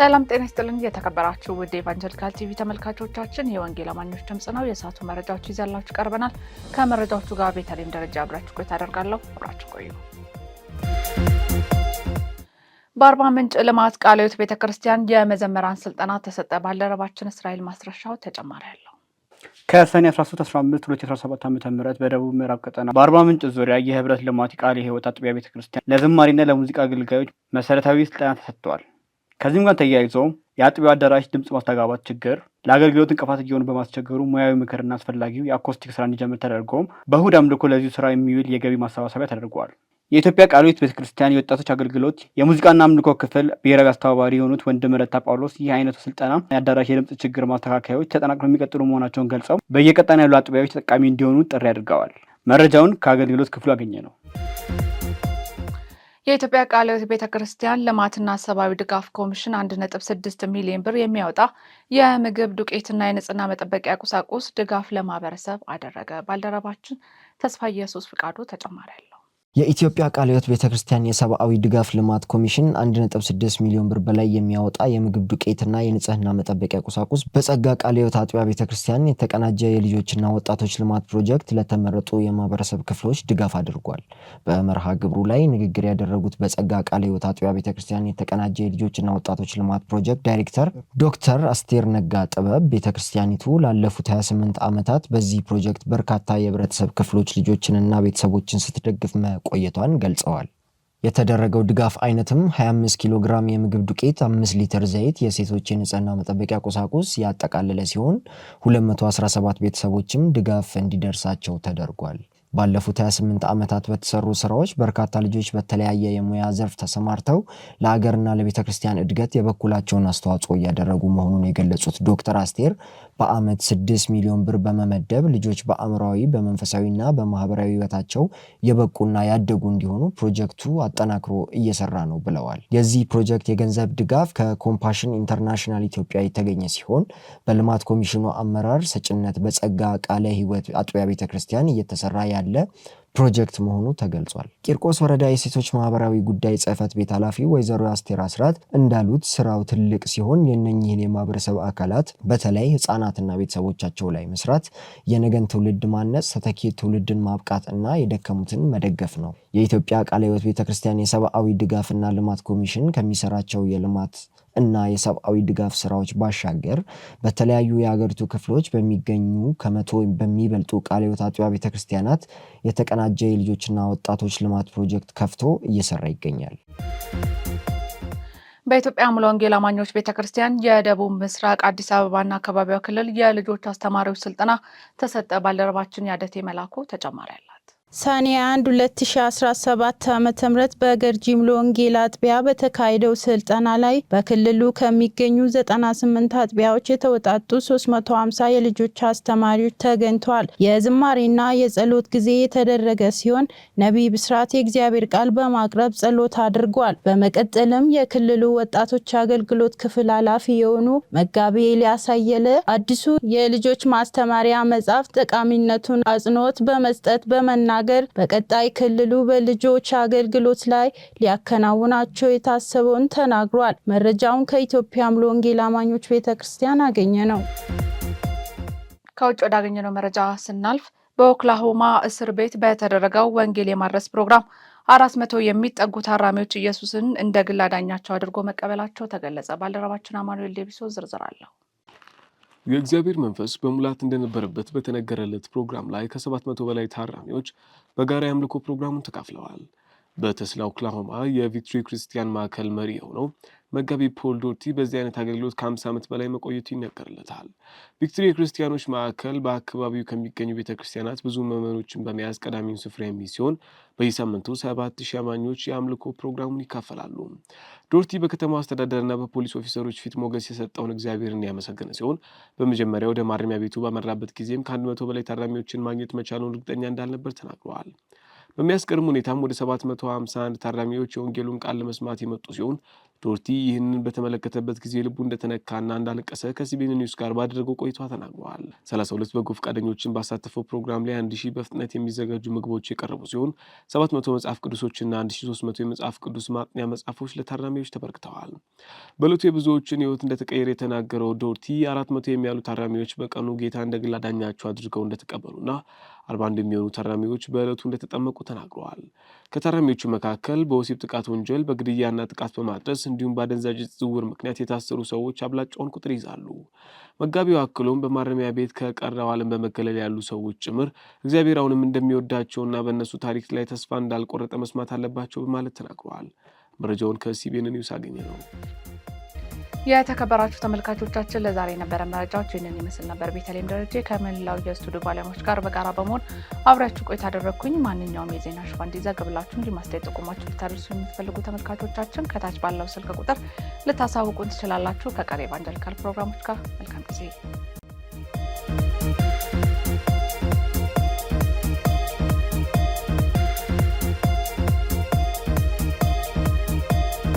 ሰላም ጤና ይስጥልን። የተከበራችሁ ውድ ኤቫንጀሊካል ቲቪ ተመልካቾቻችን የወንጌል አማኞች ድምጽ ነው። የሰዓቱ መረጃዎች ይዘላችሁ ቀርበናል። ከመረጃዎቹ ጋር ቤተልሔም ደረጃ አብራችሁ ቆይታ አደርጋለሁ። አብራችሁ ቆዩ። በአርባ ምንጭ ልማት ቃለ ሕይወት ቤተ ክርስቲያን የመዘመራን ስልጠና ተሰጠ። ባልደረባችን እስራኤል ማስረሻው ተጨማሪ ያለው ከሰኔ 13/15/2017 ዓ.ም በደቡብ ምዕራብ ቀጠና በአርባ ምንጭ ዙሪያ የህብረት ልማት ቃለ ሕይወት አጥቢያ ቤተክርስቲያን ለዝማሪና ለዝማሬና ለሙዚቃ አገልጋዮች መሰረታዊ ስልጠና ተሰጥተዋል። ከዚህም ጋር ተያይዞ የአጥቢው አዳራሽ ድምፅ ማስተጋባት ችግር ለአገልግሎት እንቅፋት እየሆኑ በማስቸገሩ ሙያዊ ምክርና አስፈላጊው የአኮስቲክ ስራ እንዲጀምር ተደርጎ በእሁድ አምልኮ ለዚሁ ስራ የሚውል የገቢ ማሰባሰቢያ ተደርጓል። የኢትዮጵያ ቃሉት ቤተ የወጣቶች አገልግሎት የሙዚቃና አምልኮ ክፍል ብሔራዊ አስተባባሪ የሆኑት ወንድም ረታ ጳውሎስ ይህ አይነቱ ስልጠና የአዳራሽ የድምፅ ችግር ማስተካከያዎች ተጠናቅሎ የሚቀጥሉ መሆናቸውን ገልጸው በየቀጣና ያሉ አጥቢያዎች ተጠቃሚ እንዲሆኑ ጥሪ አድርገዋል። መረጃውን ከአገልግሎት ክፍሉ አገኘ ነው። የኢትዮጵያ ቃለ ሕይወት ቤተ ክርስቲያን ልማትና ሰብአዊ ድጋፍ ኮሚሽን 1.6 ሚሊዮን ብር የሚያወጣ የምግብ ዱቄትና የንጽህና መጠበቂያ ቁሳቁስ ድጋፍ ለማህበረሰብ አደረገ። ባልደረባችን ተስፋ ኢየሱስ ፍቃዱ ተጨማሪ የኢትዮጵያ ቃለ ሕይወት ቤተ ክርስቲያን የሰብአዊ ድጋፍ ልማት ኮሚሽን 1.6 ሚሊዮን ብር በላይ የሚያወጣ የምግብ ዱቄትና የንጽህና መጠበቂያ ቁሳቁስ በጸጋ ቃለ ሕይወት አጥቢያ ቤተ ክርስቲያን የተቀናጀ የልጆችና ወጣቶች ልማት ፕሮጀክት ለተመረጡ የማህበረሰብ ክፍሎች ድጋፍ አድርጓል። በመርሃ ግብሩ ላይ ንግግር ያደረጉት በጸጋ ቃለ ሕይወት አጥቢያ ቤተ ክርስቲያን የተቀናጀ የልጆችና ወጣቶች ልማት ፕሮጀክት ዳይሬክተር ዶክተር አስቴር ነጋ ጥበብ ቤተ ክርስቲያኒቱ ላለፉት 28 ዓመታት በዚህ ፕሮጀክት በርካታ የህብረተሰብ ክፍሎች ልጆችንና ቤተሰቦችን ስትደግፍ መቆየቷን ገልጸዋል። የተደረገው ድጋፍ አይነትም 25 ኪሎ ግራም የምግብ ዱቄት፣ 5 ሊትር ዘይት፣ የሴቶች የንጽህና መጠበቂያ ቁሳቁስ ያጠቃለለ ሲሆን 217 ቤተሰቦችም ድጋፍ እንዲደርሳቸው ተደርጓል። ባለፉት 28 ዓመታት በተሰሩ ስራዎች በርካታ ልጆች በተለያየ የሙያ ዘርፍ ተሰማርተው ለአገርና ለቤተ ክርስቲያን እድገት የበኩላቸውን አስተዋጽኦ እያደረጉ መሆኑን የገለጹት ዶክተር አስቴር በዓመት ስድስት ሚሊዮን ብር በመመደብ ልጆች በአእምሯዊ በመንፈሳዊና በማህበራዊ ህይወታቸው የበቁና ያደጉ እንዲሆኑ ፕሮጀክቱ አጠናክሮ እየሰራ ነው ብለዋል። የዚህ ፕሮጀክት የገንዘብ ድጋፍ ከኮምፓሽን ኢንተርናሽናል ኢትዮጵያ የተገኘ ሲሆን በልማት ኮሚሽኑ አመራር ሰጭነት በጸጋ ቃለ ህይወት አጥቢያ ቤተክርስቲያን እየተሰራ ያለ ፕሮጀክት መሆኑ ተገልጿል። ቂርቆስ ወረዳ የሴቶች ማህበራዊ ጉዳይ ጽህፈት ቤት ኃላፊ ወይዘሮ አስቴር አስራት እንዳሉት ስራው ትልቅ ሲሆን የነኝህን የማህበረሰብ አካላት በተለይ ህጻናትና ቤተሰቦቻቸው ላይ መስራት የነገን ትውልድ ማነጽ፣ ተተኪ ትውልድን ማብቃት እና የደከሙትን መደገፍ ነው። የኢትዮጵያ ቃለ ህይወት ቤተክርስቲያን የሰብአዊ ድጋፍና ልማት ኮሚሽን ከሚሰራቸው የልማት እና የሰብአዊ ድጋፍ ስራዎች ባሻገር በተለያዩ የሀገሪቱ ክፍሎች በሚገኙ ከመቶ በሚበልጡ ቃለ ሕይወት አጥቢያ ቤተ ክርስቲያናት የተቀናጀ የልጆችና ወጣቶች ልማት ፕሮጀክት ከፍቶ እየሰራ ይገኛል። በኢትዮጵያ ሙሉ ወንጌል አማኞች ቤተ ክርስቲያን የደቡብ ምስራቅ አዲስ አበባና አካባቢዋ ክልል የልጆች አስተማሪዎች ስልጠና ተሰጠ። ባልደረባችን ያደቴ መላኩ ተጨማሪ አላት። ሰኔ 1 2017 ዓ.ም በገርጂም ሎንጌል አጥቢያ በተካሄደው ስልጠና ላይ በክልሉ ከሚገኙ 98 አጥቢያዎች የተወጣጡ 350 የልጆች አስተማሪዎች ተገኝተዋል። የዝማሬና የጸሎት ጊዜ የተደረገ ሲሆን ነቢይ ብስራት የእግዚአብሔር ቃል በማቅረብ ጸሎት አድርጓል። በመቀጠልም የክልሉ ወጣቶች አገልግሎት ክፍል ኃላፊ የሆኑ መጋቢ ኤልያስ አየለ አዲሱ የልጆች ማስተማሪያ መጽሐፍ ጠቃሚነቱን አጽንዖት በመስጠት በመና በመናገር በቀጣይ ክልሉ በልጆች አገልግሎት ላይ ሊያከናውናቸው የታሰበውን ተናግሯል። መረጃውን ከኢትዮጵያ ሙሉ ወንጌል አማኞች ቤተ ክርስቲያን አገኘ ነው። ከውጭ ወዳገኘነው መረጃ ስናልፍ በኦክላሆማ እስር ቤት በተደረገው ወንጌል የማድረስ ፕሮግራም አራት መቶ የሚጠጉ ታራሚዎች ኢየሱስን እንደ ግል አዳኛቸው አድርጎ መቀበላቸው ተገለጸ። ባልደረባችን አማኑኤል ዴቢሶ ዝርዝር አለው። የእግዚአብሔር መንፈስ በሙላት እንደነበረበት በተነገረለት ፕሮግራም ላይ ከሰባት መቶ በላይ ታራሚዎች በጋራ የአምልኮ ፕሮግራሙን ተካፍለዋል። በተስላ ኦክላሆማ የቪክትሪ ክርስቲያን ማዕከል መሪ የሆነው መጋቢ ፖል ዶርቲ በዚህ አይነት አገልግሎት ከአምስት ዓመት በላይ መቆየቱ ይነገርለታል። ቪክቶሪ የክርስቲያኖች ማዕከል በአካባቢው ከሚገኙ ቤተ ክርስቲያናት ብዙ ምዕመኖችን በመያዝ ቀዳሚውን ስፍራ የሚይዝ ሲሆን በየሳምንቱ 7000 አማኞች የአምልኮ ፕሮግራሙን ይካፈላሉ። ዶርቲ በከተማው አስተዳደርና በፖሊስ ኦፊሰሮች ፊት ሞገስ የሰጠውን እግዚአብሔርን ያመሰገነ ሲሆን በመጀመሪያ ወደ ማረሚያ ቤቱ ባመራበት ጊዜም ከአንድ መቶ በላይ ታራሚዎችን ማግኘት መቻሉን እርግጠኛ እንዳልነበር ተናግረዋል። በሚያስገርም ሁኔታም ወደ 751 ታራሚዎች የወንጌሉን ቃል ለመስማት የመጡ ሲሆን ዶርቲ ይህንን በተመለከተበት ጊዜ ልቡ እንደተነካና እንዳለቀሰ ከሲቢኤን ኒውስ ጋር ባደረገው ቆይታ ተናግረዋል። 32 በጎ ፈቃደኞችን ባሳተፈው ፕሮግራም ላይ ሺህ በፍጥነት የሚዘጋጁ ምግቦች የቀረቡ ሲሆን 700 መጽሐፍ ቅዱሶችና 1300 የመጽሐፍ ቅዱስ ማጥኛ መጽሐፎች ለታራሚዎች ተበርክተዋል። በእለቱ የብዙዎችን ህይወት እንደተቀየረ የተናገረው ዶርቲ 400 የሚያሉ ታራሚዎች በቀኑ ጌታ እንደ ግል አዳኛቸው አድርገው እንደተቀበሉና አርባ አንድ የሚሆኑ ታራሚዎች በዕለቱ እንደተጠመቁ ተናግረዋል። ከታራሚዎቹ መካከል በወሲብ ጥቃት ወንጀል፣ በግድያና ጥቃት በማድረስ እንዲሁም በአደንዛዥ ዝውር ዝውውር ምክንያት የታሰሩ ሰዎች አብላጫውን ቁጥር ይዛሉ። መጋቢው አክሎም በማረሚያ ቤት ከቀረው ዓለም በመገለል ያሉ ሰዎች ጭምር እግዚአብሔር አሁንም እንደሚወዳቸውና በእነሱ ታሪክ ላይ ተስፋ እንዳልቆረጠ መስማት አለባቸው በማለት ተናግረዋል። መረጃውን ከሲቢኤን ኒውስ አገኘ ነው። የተከበራችሁ ተመልካቾቻችን ለዛሬ የነበረ መረጃዎች ይህንን ይመስል ነበር። በተለይም ደረጀ ከመላው የስቱዲዮ ባለሙያዎች ጋር በጋራ በመሆን አብሪያችሁ ቆይታ አደረግኩኝ። ማንኛውም የዜና ሽፋን እንዲዘገብላችሁ እንዲሁም አስተያየት ጥቆማችሁ ልታደርሱ የምትፈልጉ ተመልካቾቻችን ከታች ባለው ስልክ ቁጥር ልታሳውቁን ትችላላችሁ። ከቀሪ ኤቫንጀሊካል ፕሮግራሞች ጋር መልካም ጊዜ